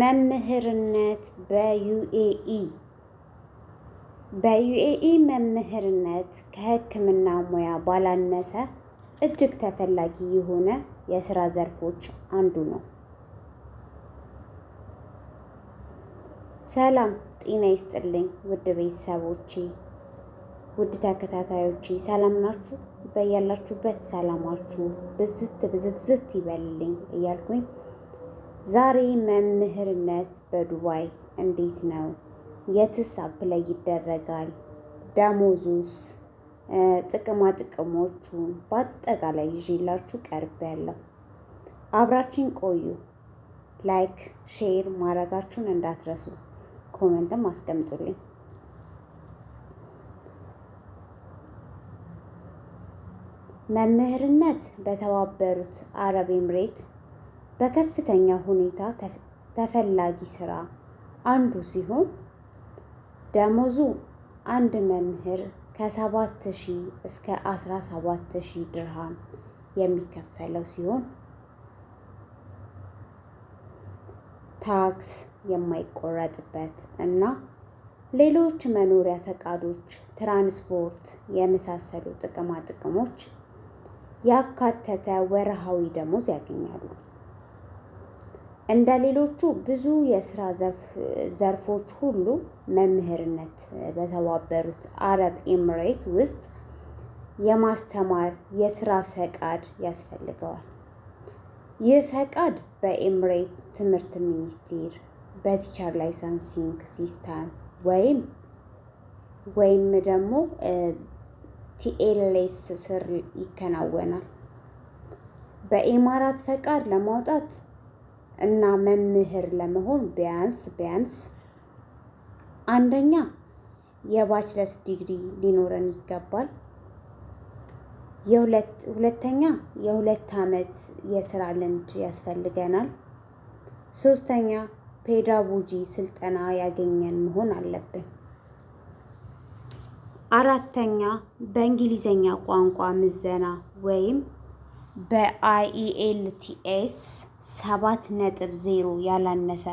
መምህርነት በዩኤኢ በዩኤኢ መምህርነት ከሕክምና ሙያ ባላነሰ እጅግ ተፈላጊ የሆነ የስራ ዘርፎች አንዱ ነው። ሰላም ጤና ይስጥልኝ ውድ ቤተሰቦቼ፣ ውድ ተከታታዮቼ ሰላም ናችሁ? በያላችሁበት ሰላማችሁ ብዝት ብዝት ዝት ይበልልኝ እያልኩኝ ዛሬ መምህርነት በዱባይ እንዴት ነው? የትስ አፕላይ ይደረጋል? ደሞዙስ? ጥቅማ ጥቅሞቹ በአጠቃላይ ይዤላችሁ ቀርብ ያለው አብራችን ቆዩ። ላይክ ሼር ማድረጋችሁን እንዳትረሱ፣ ኮመንትም አስቀምጡልኝ። መምህርነት በተባበሩት አረብ ኤምሬት በከፍተኛ ሁኔታ ተፈላጊ ስራ አንዱ ሲሆን ደሞዙ አንድ መምህር ከሰባት ሺህ እስከ አስራ ሰባት ሺህ ድርሃም የሚከፈለው ሲሆን ታክስ የማይቆረጥበት እና ሌሎች መኖሪያ ፈቃዶች፣ ትራንስፖርት የመሳሰሉ ጥቅማ ጥቅሞች ያካተተ ወርሃዊ ደሞዝ ያገኛሉ። እንደ ሌሎቹ ብዙ የስራ ዘርፎች ሁሉ መምህርነት በተባበሩት አረብ ኤምሬት ውስጥ የማስተማር የስራ ፈቃድ ያስፈልገዋል። ይህ ፈቃድ በኤምሬት ትምህርት ሚኒስቴር በቲቸር ላይሰንሲንግ ሲስተም ወይም ወይም ደግሞ ቲኤልኤስ ስር ይከናወናል። በኢማራት ፈቃድ ለማውጣት እና መምህር ለመሆን ቢያንስ ቢያንስ አንደኛ የባችለስ ዲግሪ ሊኖረን ይገባል። ሁለተኛ የሁለት ዓመት የስራ ልምድ ያስፈልገናል። ሶስተኛ ፔዳጎጂ ስልጠና ያገኘን መሆን አለብን። አራተኛ በእንግሊዘኛ ቋንቋ ምዘና ወይም በአይኢኤልቲኤስ ሰባት ነጥብ ዜሮ ያላነሰ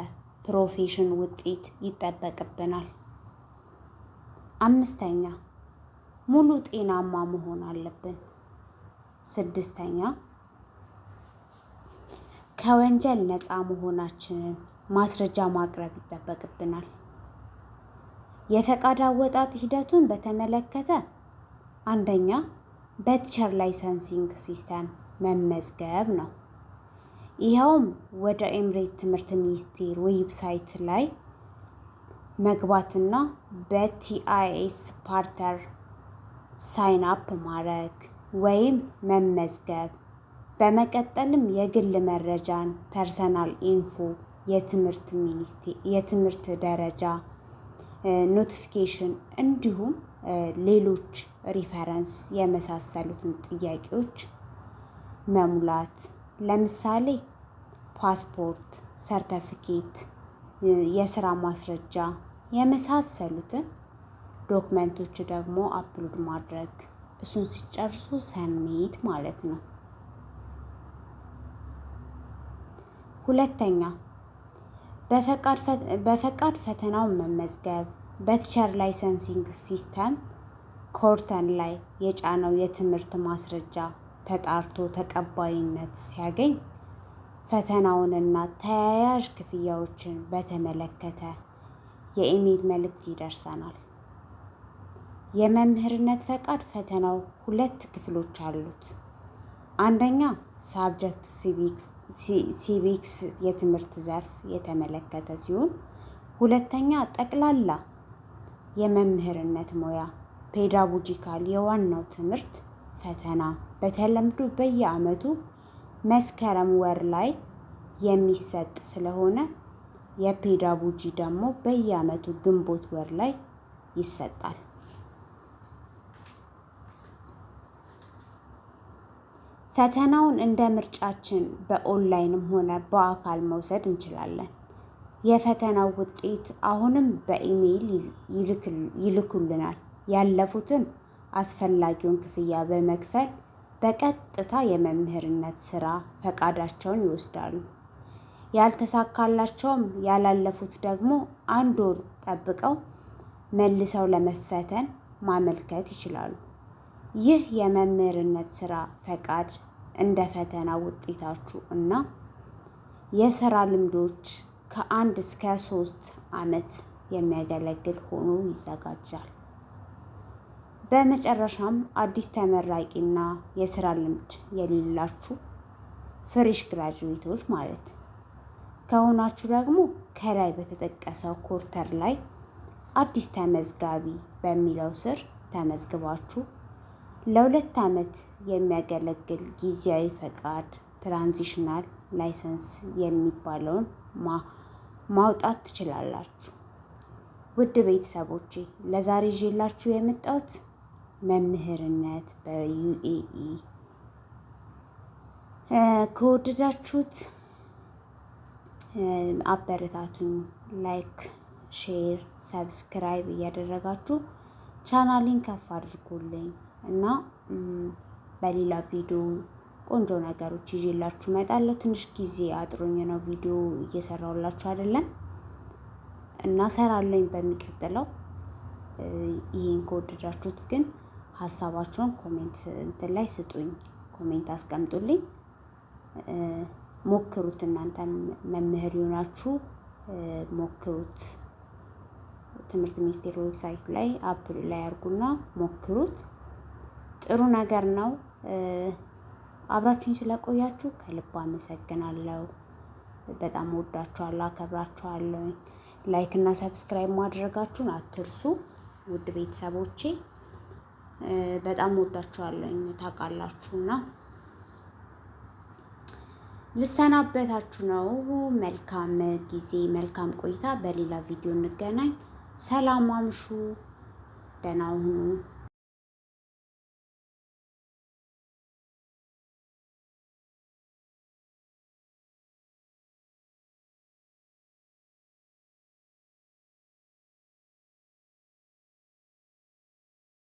ፕሮፌሽን ውጤት ይጠበቅብናል። አምስተኛ ሙሉ ጤናማ መሆን አለብን። ስድስተኛ ከወንጀል ነፃ መሆናችንን ማስረጃ ማቅረብ ይጠበቅብናል። የፈቃድ አወጣጥ ሂደቱን በተመለከተ አንደኛ በቲቸር ላይሰንሲንግ ሲስተም መመዝገብ ነው። ይኸውም ወደ ኤምሬት ትምህርት ሚኒስቴር ዌብሳይት ላይ መግባትና በቲአይኤስ ፓርተር ሳይን አፕ ማድረግ ወይም መመዝገብ፣ በመቀጠልም የግል መረጃን ፐርሰናል ኢንፎ፣ የትምህርት ደረጃ ኖቲፊኬሽን፣ እንዲሁም ሌሎች ሪፈረንስ የመሳሰሉትን ጥያቄዎች መሙላት ለምሳሌ ፓስፖርት፣ ሰርተፊኬት፣ የስራ ማስረጃ የመሳሰሉትን ዶክመንቶች ደግሞ አፕሎድ ማድረግ እሱን ሲጨርሱ ሰሜት ማለት ነው። ሁለተኛ በፈቃድ ፈተናውን መመዝገብ በቲቸር ላይሰንሲንግ ሲስተም ኮርተን ላይ የጫነው የትምህርት ማስረጃ ተጣርቶ ተቀባይነት ሲያገኝ ፈተናውንና ተያያዥ ክፍያዎችን በተመለከተ የኢሜል መልእክት ይደርሰናል። የመምህርነት ፈቃድ ፈተናው ሁለት ክፍሎች አሉት። አንደኛ ሳብጀክት ሲቪክስ የትምህርት ዘርፍ የተመለከተ ሲሆን ሁለተኛ ጠቅላላ የመምህርነት ሙያ ፔዳጎጂካል የዋናው ትምህርት ፈተና በተለምዶ በየአመቱ መስከረም ወር ላይ የሚሰጥ ስለሆነ የፔዳጎጂ ደግሞ በየአመቱ ግንቦት ወር ላይ ይሰጣል። ፈተናውን እንደ ምርጫችን በኦንላይንም ሆነ በአካል መውሰድ እንችላለን። የፈተናው ውጤት አሁንም በኢሜይል ይልኩልናል። ያለፉትን አስፈላጊውን ክፍያ በመክፈል በቀጥታ የመምህርነት ስራ ፈቃዳቸውን ይወስዳሉ። ያልተሳካላቸውም ያላለፉት ደግሞ አንድ ወር ጠብቀው መልሰው ለመፈተን ማመልከት ይችላሉ። ይህ የመምህርነት ስራ ፈቃድ እንደ ፈተና ውጤታችሁ እና የስራ ልምዶች ከአንድ እስከ ሶስት አመት የሚያገለግል ሆኖ ይዘጋጃል። በመጨረሻም አዲስ ተመራቂና የስራ ልምድ የሌላችሁ ፍሬሽ ግራጁዌቶች ማለት ከሆናችሁ ደግሞ ከላይ በተጠቀሰው ኮርተር ላይ አዲስ ተመዝጋቢ በሚለው ስር ተመዝግባችሁ ለሁለት ዓመት የሚያገለግል ጊዜያዊ ፈቃድ ትራንዚሽናል ላይሰንስ የሚባለውን ማውጣት ትችላላችሁ። ውድ ቤተሰቦቼ ለዛሬ ይዤላችሁ የመጣሁት መምህርነት በዩኤኢ ከወደዳችሁት አበረታቱኝ። ላይክ፣ ሼር፣ ሰብስክራይብ እያደረጋችሁ ቻናሊን ከፍ አድርጉልኝ እና በሌላ ቪዲዮ ቆንጆ ነገሮች ይዤላችሁ እመጣለሁ። ትንሽ ጊዜ አጥሮኝ ነው ቪዲዮ እየሰራሁላችሁ አይደለም እና ሰራለኝ በሚቀጥለው። ይህን ከወደዳችሁት ግን ሀሳባችሁን ኮሜንት እንትን ላይ ስጡኝ፣ ኮሜንት አስቀምጡልኝ። ሞክሩት፣ እናንተ መምህር ይሆናችሁ ሞክሩት። ትምህርት ሚኒስቴር ዌብሳይት ላይ አፕ ላይ አድርጉና ሞክሩት። ጥሩ ነገር ነው። አብራችሁኝ ስለቆያችሁ ከልብ አመሰግናለሁ። በጣም ወዳችኋለሁ፣ አከብራችኋለሁ። ላይክ እና ሰብስክራይብ ማድረጋችሁን አትርሱ ውድ ቤተሰቦቼ። በጣም ወዳችኋለኝ ታውቃላችሁና ልሰናበታችሁ ነው። መልካም ጊዜ፣ መልካም ቆይታ። በሌላ ቪዲዮ እንገናኝ። ሰላም አምሹ። ደህና ሁኑ።